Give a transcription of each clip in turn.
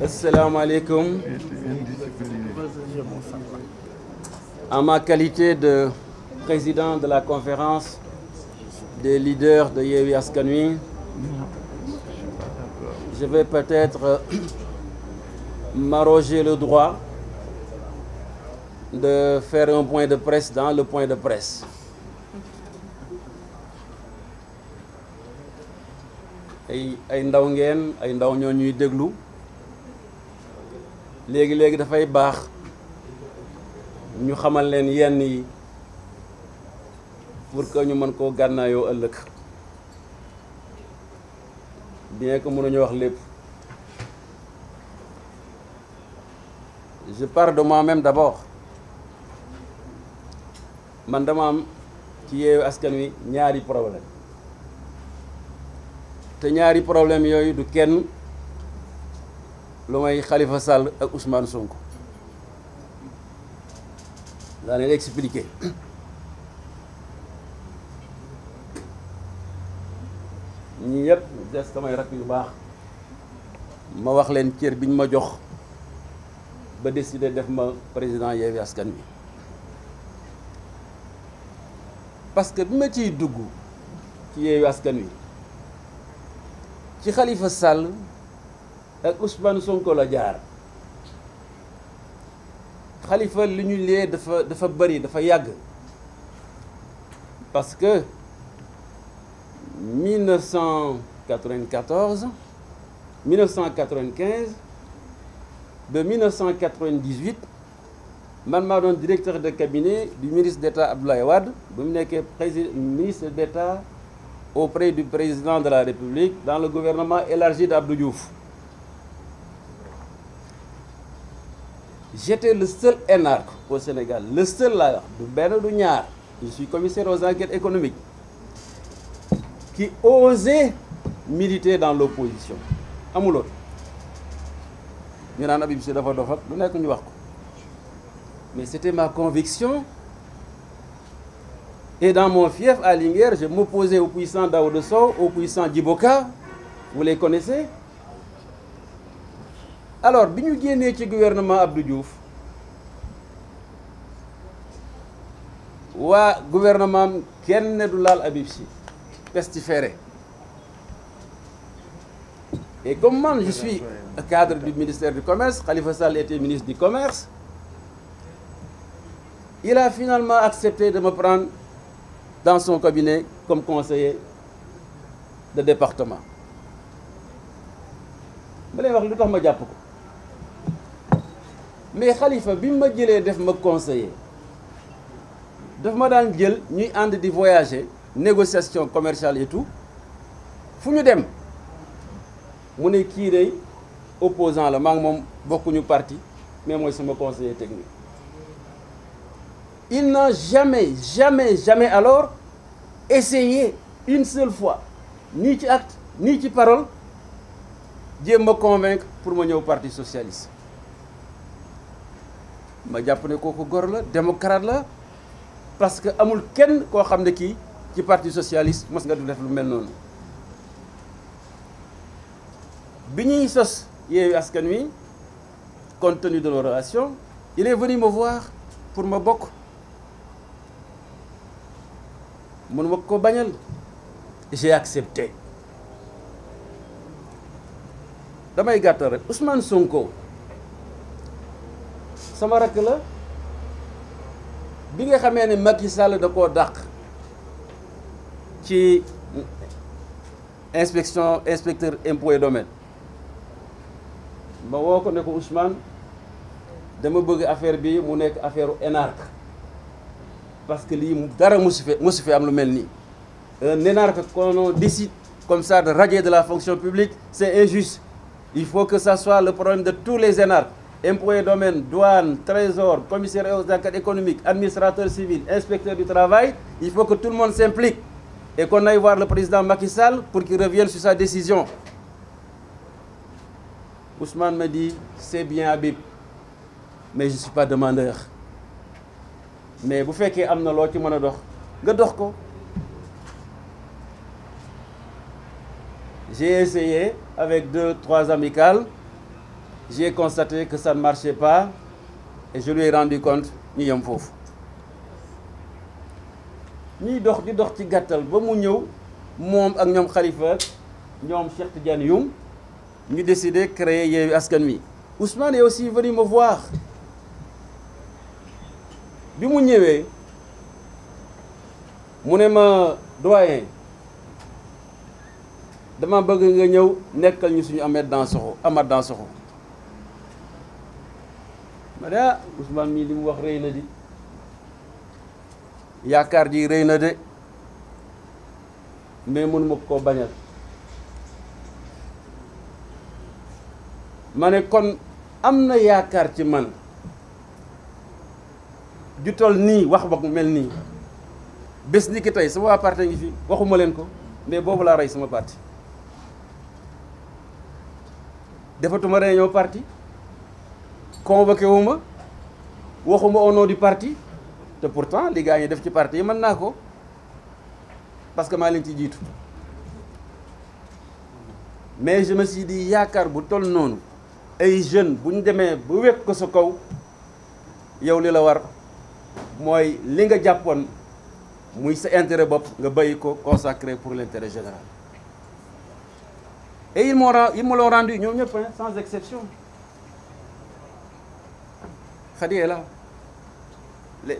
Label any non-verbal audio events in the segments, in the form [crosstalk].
Assalamualaikum. En ma qualité de président de la conférence des leaders de Yewwi Askan Wi, je vais peut-être euh, [clears throat] m'arroger le droit de faire un point de presse dans le point de presse. ay ay ndaw ngeen ay ndaw ñoo ñuy déglu. léegi léegi dafay baax ñu xamal leen yenn yi pour que ñu mën koo gànnaayoo ëllëg bien ko mënuñu wax lépp je parle de moi-même d'abord man dama am ci yeewu askan wi ñaari problème te ñaari problème yooyu du kenn. lu may Khalifa Sall ak usmaan Sonko daa leen expliqué ñi yëpp des samay rakk yu baax ma wax leen cër bi ñu ma jox ba décidé def ma président Yewwi Askan Wi parce que bi ma ciy dugg ci Yewwi Askan Wi ci xalifa Sall ak Ousmane Sonko la jaar xalifa li ñu lee dafa dafa bëri dafa yàgg parce que 1994 1995 de 1998 man maa doon directeur de cabinet du ministre d'État Abdoulaye Wade bu mu nekkee président ministre d'État auprès du président de la République dans le gouvernement élargi d'Abdou Diouf j'étais le seul énarque au Sénégal le seul la wax du benn du ñaar je suis commissaire aux enquêtes économiques qui osait militer dans l'opposition amuloon ñu naan Habib Sy dafa dof ak lu nekk ñu wax ko mais c'était ma conviction et dans mon fief à Linguère je m'opposais au puissant Daouda Sow au puissant Djibo Ka vous les alors bi ñu génnee ci gouvernement Abdou Diouf waa gouvernement am kenn du laal Habib Sy pestiféré et comme man je cadre du ministère du commerce Khalifa Sall était ministre du commerce il a finalement accepté de me prendre dans son cabinet comme conseiller de département ma lay wax lu tax ma jàpp ko mais xalifa bi ma jëlee def ma conseiller dafa ma daan jël ñuy ànd di voyager négociation commerciale et tout fu ñu dem mu ne kii day opposant la maa moom bokkuñu parti mais mooy sama conseiller technique il n'a jamais jamais jamais alors essayé une seule fois ni ci acte ni ci parole jéem ma convaincre pour ma ñëw parti socialiste ma jàpp ne kooku gor la démocrate la parce que amul kenn koo xam ne kii ci parti socialist mos nga du def lu mel noonu bi ñuy sos Yewwi Askan Wi compte de nos relations il ma venu voir pour ma bokk mënuma ko bañal j'ai accepté damay gàttal rek Ousmane Sonko sama rakk la bi nga xamee ne Macky Sall da koo dàq ci inspection inspecteur impôt et domaine ma woo ko ne ko Ousmane dama bëgg affaire bi mu nekk affaire énarque parce que lii mu dara musu fi musu fi am lu mel nii un énarque qu'on décide comme ça de radier de la fonction publique c'est injuste il faut que ça soit le problème de tous les énarques impôts domaine douane trésor commissaire aux économique économiques administrateur civil inspecteur du travail il faut que tout le monde s'implique et qu'on aille voir le président Macky Sall pour qu'il revienne sur sa décision Ousmane me dit c'est bien Habib mais je suis pas demandeur mais bu fekkee am na loo ci mën a dox nga dox ko j'ai essayé avec deux trois amicales j'ai constaté que ça ne marchait pas et je lui compte ñu yem foofu ñuy dox di dox ci gàttal ba mu ñëw moom ak ñoom Khalifa ñoom Cheikh Tidiane Youm ñu décidé créer Yewwi Askan Wi Ousmane est aussi venu me voir bi mu ñëwee mu ne ma doyen dama bëgg nga ñëw nekkal ñu suñu Amath Dansokho Amath Dansokho ma ah Ousmane mii li mu wax rëy na di yaakaar ji rëy na de mais mënuma koo bañal ma ne kon am na yaakaar ci man ju tol nii wax ba mel nii bés ni ki tey sama waa parti ngi fi waxuma leen ko mais boobu laa rey sama parti defatuma réunion parti convoqué wu ma waxuma au nom du parti te pourtant li gars yi def ci parti yi mën naa ko parce que maa leen ci jiitu mais je me suis dit yaakaar bu toll noonu ay jeunes buñ demee ba wekk ko sa kaw yow li la war mooy li nga jàppoon muy sa intérêt bopp nga bàyyi ko consacré pour l'intérêt général et ils m'ont ils me l'ont rendu ñoom ñëpp sans exception Khadi est là.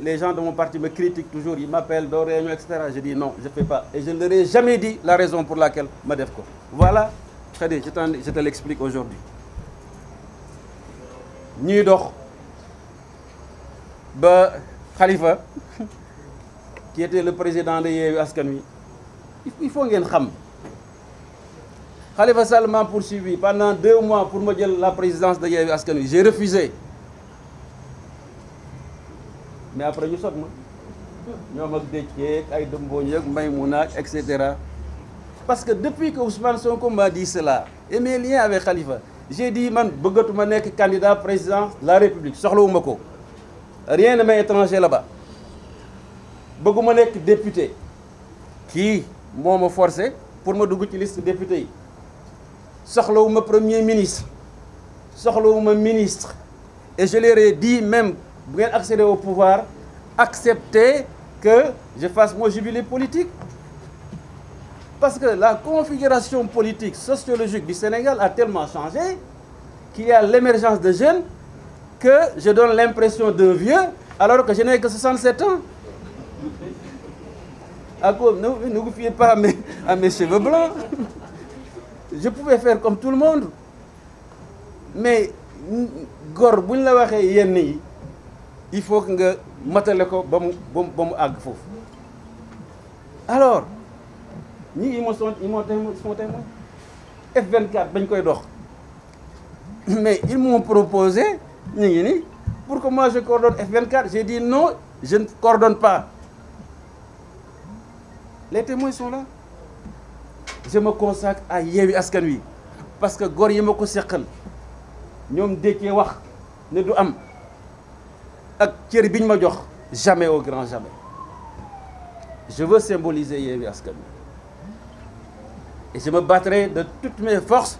Les, gens de mon parti me critiquent toujours, ils m'appellent dans réunion, etc. Je dis non, je ne fais pas. Et je leur ai jamais dit la raison pour laquelle je ne Voilà, Khadi, je, je te l'explique aujourd'hui. ñuy dox ba Khalifa [laughs] qui était le président de Yewwi Askan Wi il faut ngeen xam Khalifa Sall m'a poursuivi pendant deux mois pour ma jël la présidence de Yewwi Askan Wi j'ai refusé mais après ñu sot ma ñoom ak Déthié ay Dembooñ ak Maïmouna et cetera parce que depuis que Ousmane Sonko m'a dit cela et mes liens avec Khalifa j'ai dit man bëggatuma nekk candidat président de la République soxlawuma ko rien ne m'est étranger là-bas bëgguma nekk député kii moo ma forcé pour ma dugg ci liste député yi soxlawuma premier ministre soxlawuma ministre et di même bu ngeen accéder au pouvoir je fasse mon jubilé politique parce que la configuration politique sociologique du Sénégal a changé qu'il y a de jeunes que je donne l'impression d'un vieux alors que je n'ai que 67 ans. À cause, ne, Je pouvais faire comme tout le monde. Mais gor buñ la waxee yenn yi il faut nga matale ko ba mu ba mu àgg foofu alors ñii ils sont ils m'ont sont témoins F24 bañ koy dox mais ils m'ont proposé ñu ngi ni pour que moi je coordonne F24 j'ai dit non je ne coordonne pas les témoins sont là je me consacre à Yewwi Askan Wi parce que gor yi ma ko seqal ñoom dékkee wax ne du am ak cër bi ñu ma jox jamais au grand jamais je veux symboliser Yewwi Askan Wi et je me battrai de toutes mes forces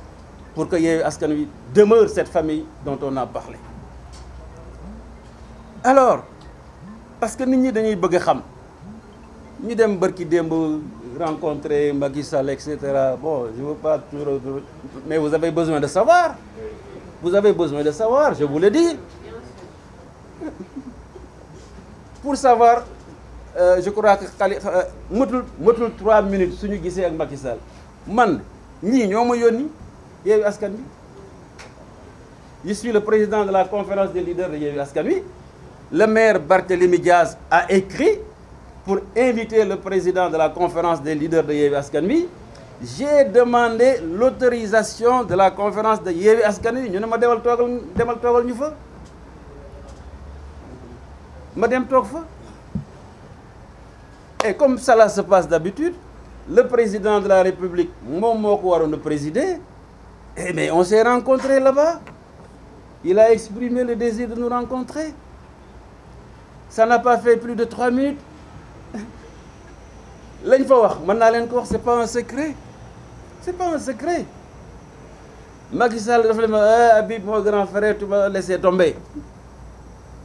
pour que Yewwi Askan Wi demeure cette famille dont on a parlé alors parce que nit ñi dañuy bëgg a xam ñu dem bërki démb rencontrer Macky Sall cetera bon je veux pas mais vous avez besoin de savoir vous avez besoin de savoir je vous le dis [laughs] pour savoir euh, je crois que xali euh, matul matul 3 minutes suñu gisee ak Macky man ñii ñoo ma yónni Yewwi Askan Wi je le président de la conférence des leaders de Yewwi Askan Wi le maire Barthélémy Diaz a écrit pour inviter le président de la conférence des leaders de Yewwi Askan Wi j'ai demandé l'autorisation de la conférence de Yewwi Askan Wi ñu ne ma demal toogal demal toogal ñu fa ma dem toog fa et comme cela se passe d'habitude le président de la république moom moo ko waroon a présider et mais on s'est rencontré là-bas il a exprimé le désir de nous rencontrer ça n'a pas fait plus de trois minutes lañ fa wax mën naa leen ko wax c'est pas un secret c'est pas un secret Macky Sall salle de ma eh, Habib mon grand frère tu m'as tomber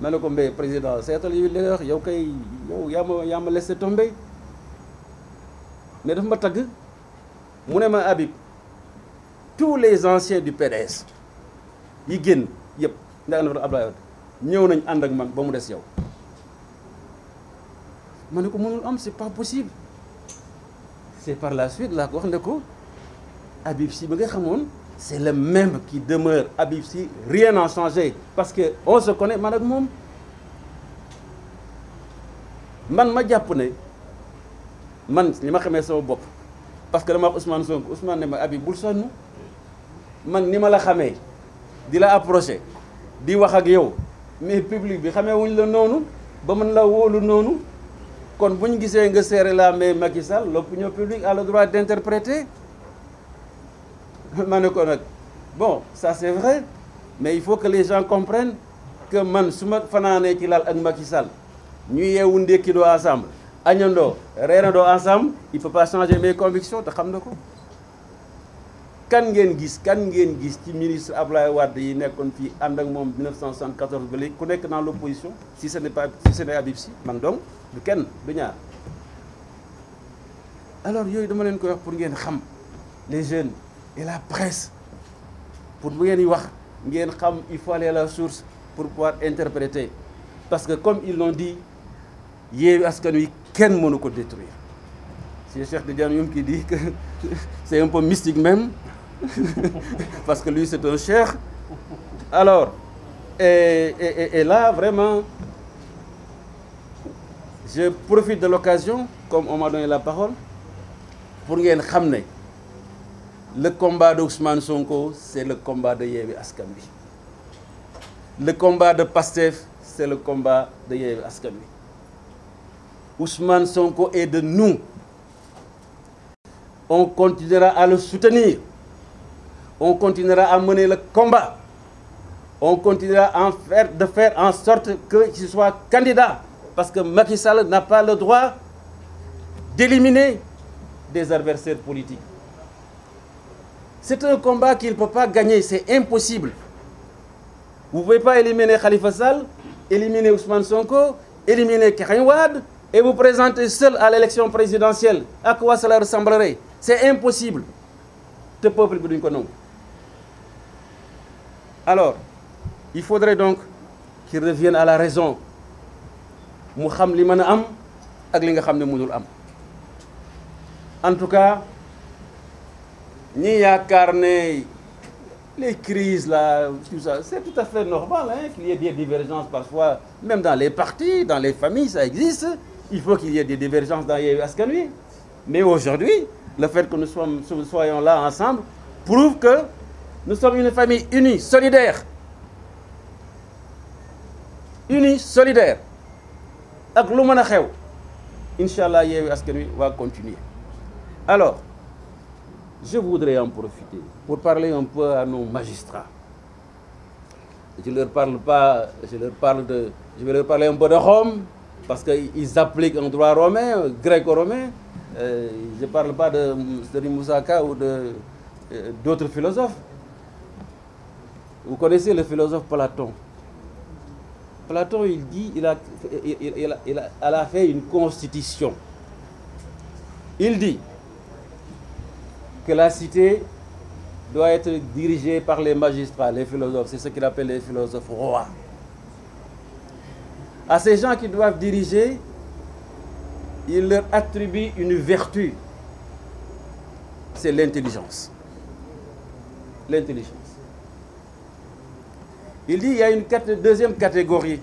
ma ne ko Mbaye président seetal yu li nga wax yow kay yow yaa ma yaa ma laissé tomber mais dafa ma tagg mu ne ma Habib tous les anciens du PDS yi génn yëpp ndax na fa Abdoulaye ñëw nañ ànd ak man ba mu des yow ma ne ko mënul am c'est pas possible c'est par la suite laa ko wax ne ko Habib si bi nga xamoon c'est le même qui demeure Habib Sy rien n'a changé parce que on se connaît man ak moom man ma jàpp ne man li ma xamee sama bopp parce que dama wax soo Sonko Ousmane ne ma Habib bul sonn man ni ma la xamee di la approché di wax ak yow mais public bi xamee wuñ la noonu ba mën la woolu noonu kon bu ñu gisee nga serré la mais Macky Sall l'opinion publique a le droit d'interpréter [laughs] ma ne ko nag bon ça c'est vrai mais il faut que les gens comprennent que man su ma fanaanee ci lal ak Macky Sall ñu yeewu ndékki doo ensemble añandoo reerandoo ensemble il faut pas changer mes convictions te xam na ko kan ngeen gis kan ngeen gis ci ministre Ablaye Wade yi nekkoon fii ànd ak moom 1974 ba léegi ku nekk dans l'opposition si ce n'est pas si ce n'est Habib Sy man donc du kenn du ñaar alors yooyu dama leen koy wax pour ngeen xam les jeunes et la presse pour bu ngeen wax ngeen xam il faut la source pour pouvoir interpréter parce que comme il l'ont dit Yewwi Askan Wi kenn mënu ko détruire c'est Cheikh Tidiane Youm qui dit que [laughs] c'est un peu mystique même [laughs] parce que lui c'est un cheikh alors et, et, là vraiment je profite de l'occasion comme on m'a donné la parole pour ngeen xam ne le combat d'Ousmane Sonko c'est le combat de Yewwi Askan Wi le combat de Pastef c'est le combat de Yewwi Askan Wi Ousmane Sonko est de nous on continuera à le soutenir on continuera à mener le combat on continuera à en faire de faire en sorte que qu'il candidat parce que Macky Sall n'a pas le droit d'éliminer des adversaires politiques c'est un combat qu'il ne peut pas gagner c'est impossible vous ne pouvez pas éliminer Khalifa Sall éliminer Ousmane Sonko éliminer Karim Wade et vous présenter seul à l'élection présidentielle à quoi cela ressemblerait c'est impossible te peuple bi duñ ko nangu alors il faudrait donc qu'il revienne à la raison mu xam li mën a am ak li nga xam ne mënul am ñi yaakaar ne les crises là tout ça c'est tout à fait normal hein qu'il y ait des divergences parfois même dans les partis dans les familles ça existe il faut qu'il y ait des divergences dans Yewwi Askan Wi mais aujourd'hui le fait que nous soyons, soyons là ensemble prouve que nous sommes une famille unie solidaire unie solidaire ak lu mën a xew incha allah Yewwi Askan Wi va continuer alors Je voudrais en profiter pour parler un peu à nos magistrats. Je leur parle pas, je leur parle de, je vais leur parler un peu de Rome, parce qu'ils appliquent un droit romain, gréco-romain. Euh, je ne parle pas de, de Moussaka ou de, euh, d'autres philosophes. Vous connaissez le philosophe Platon. Platon, il dit, il a, il, il, il a, a, a fait une constitution. Il dit, que la cité doit être dirigée par les magistrats, les philosophes. C'est ce qu'il appelle les philosophes rois. À ces gens qui doivent diriger, il leur attribue une vertu. C'est l'intelligence. L'intelligence. Il dit il y a une deuxième catégorie.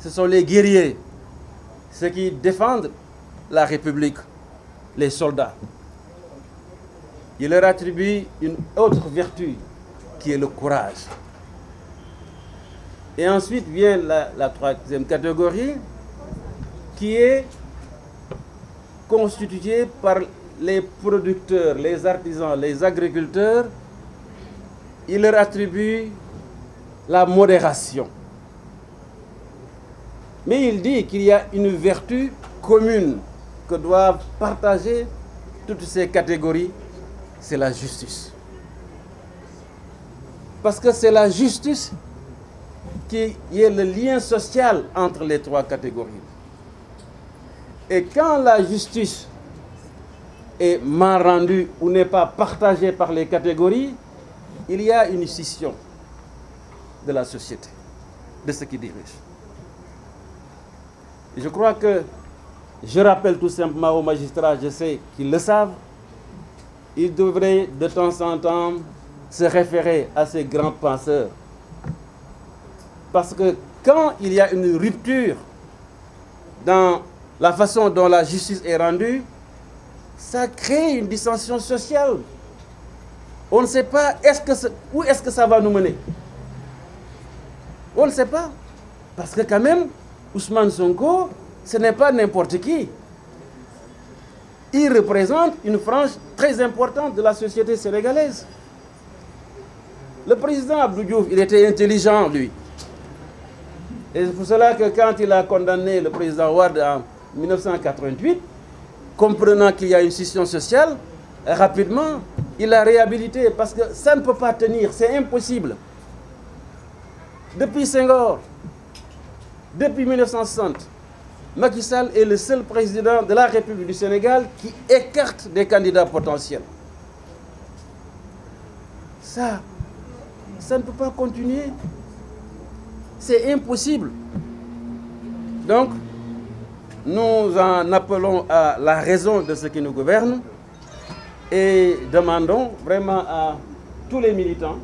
Ce sont les guerriers, ceux qui défendent la République, les soldats. Il leur attribue une autre vertu qui est le courage. Et ensuite vient la, la troisième catégorie qui est constituée par les producteurs, les artisans, les agriculteurs. Il leur attribue la modération. Mais il dit qu'il y a une vertu commune que doivent partager toutes ces catégories c'est la justice. Parce que c'est la justice qui est le lien social entre les trois catégories. Et quand la justice est mal rendue ou n'est pas partagée par les catégories, il y a une scission de la société, de ce qui dirige. Et je crois que je rappelle tout simplement aux magistrats, je sais qu'ils le savent, il devrait de temps en temps se référer à ces grands penseurs. Parce que quand il y a une rupture dans la façon dont la justice est rendue, ça crée une dissension sociale. On ne sait pas est -ce que ce, où est-ce que ça va nous mener. On ne sait pas. Parce que quand même, Ousmane Sonko, ce n'est pas n'importe qui. ils représentent une frange très importante de la société sénégalaise. Le président Abdou Diouf, il était intelligent, lui. Et c'est pour le président Ouad en 1988, comprenant qu'il y a une scission sociale, rapidement, il l'a parce que ça ne peut pas tenir, c'est impossible. Depuis Senghor, depuis 1960, Macky Sall est le seul président de la République du Sénégal qui écarte des candidats potentiels. Ça, ça ne peut pas continuer. C'est impossible. Donc, nous en appelons à la raison de ce qui nous gouverne et demandons vraiment à tous les militants,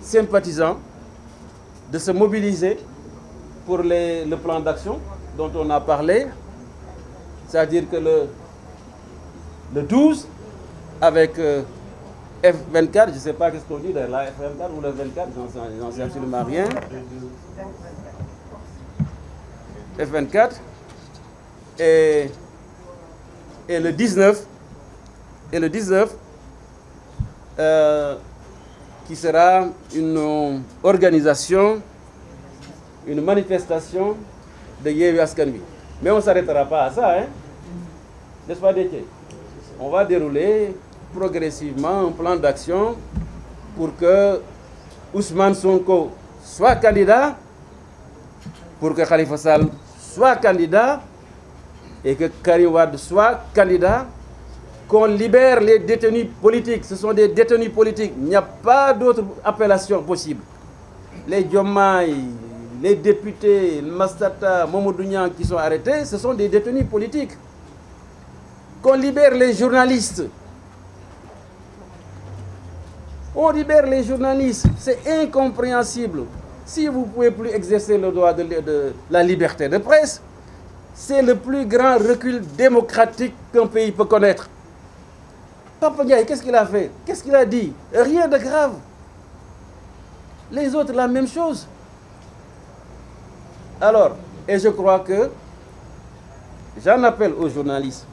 sympathisants, de se mobiliser pour les, le plan d'action dont on a à dire que le, le 12, avec euh, F24, je ne sais pas qu'est-ce qu'on dit, la F24 le 24, j'en sais absolument rien. F24 et, et et le 19 euh, qui organisation, une manifestation de Yewwi Askan Wi mais on ne s'arrêtera pas à ça hein n'est-ce pas Déthié on va dérouler progressivement un plan d'action pour que Ousmane Sonko soit candidat pour que Khalifa Sall soit candidat et que Karim Wade soit candidat qu'on libère les détenus politiques ce sont des détenus politiques il n'y a pas d'autre appellation possible les Diomaye les députés Mastata, Mamadou Niang qui sont arrêtés, ce sont des détenus politiques. Qu'on libère les journalistes. On les journalistes. C'est incompréhensible. Si vous ne pouvez plus exercer le droit de, de la liberté de presse, c'est le plus grand recul démocratique qu'un pays peut connaître. Papa qu'est-ce qu'il a fait Qu'est-ce qu'il a dit Rien de grave. Les autres, la même chose. alors et je crois que j'en appelle aux journalistes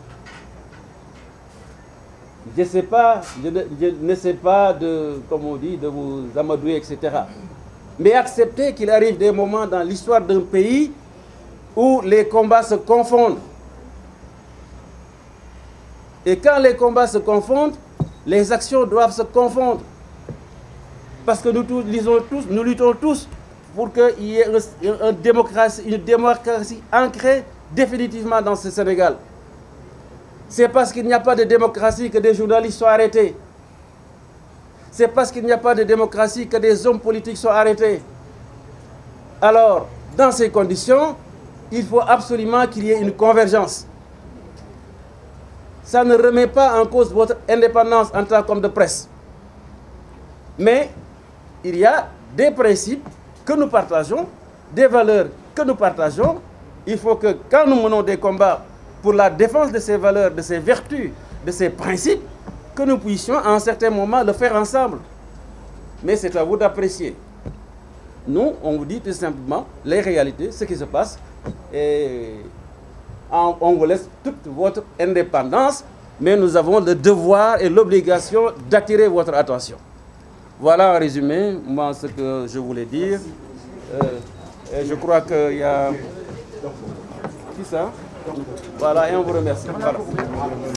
je sais pas je ne, je ne sais pas de comme on dit de vous amadouer etc mais accepter qu'il arrive des moments dans l'histoire d'un pays où les combats se confondent et quand les combats se confondent les actions doivent se confondre parce que nous tous lisons tous nous luttons tous pour qu'il y ait un, un démocratie, une démocratie ancrée définitivement dans ce Sénégal. C'est parce qu'il n'y a pas de démocratie que des journalistes sont arrêtés. C'est parce qu'il n'y a pas de démocratie que des hommes politiques sont arrêtés. Alors, dans ces conditions, il faut absolument qu'il y ait une convergence. Ça ne en cause votre indépendance en tant de presse. Mais il y a des principes que nous partageons, des valeurs que nous partageons. Il faut que quand nous menons des combats pour la défense de ces valeurs, de ces vertus, de ces principes, que nous puissions à un certain moment le faire ensemble. Mais c'est à vous d'apprécier. Nous, on vous dit tout simplement les réalités, ce qui se passe, et on vous laisse toute votre indépendance, mais nous avons le devoir et l'obligation d'attirer votre attention. Voilà en résumé, moi, ce que je voulais dire. Euh, et je crois qu'il y a... Qui ça Voilà, et on vous remercie. Voilà.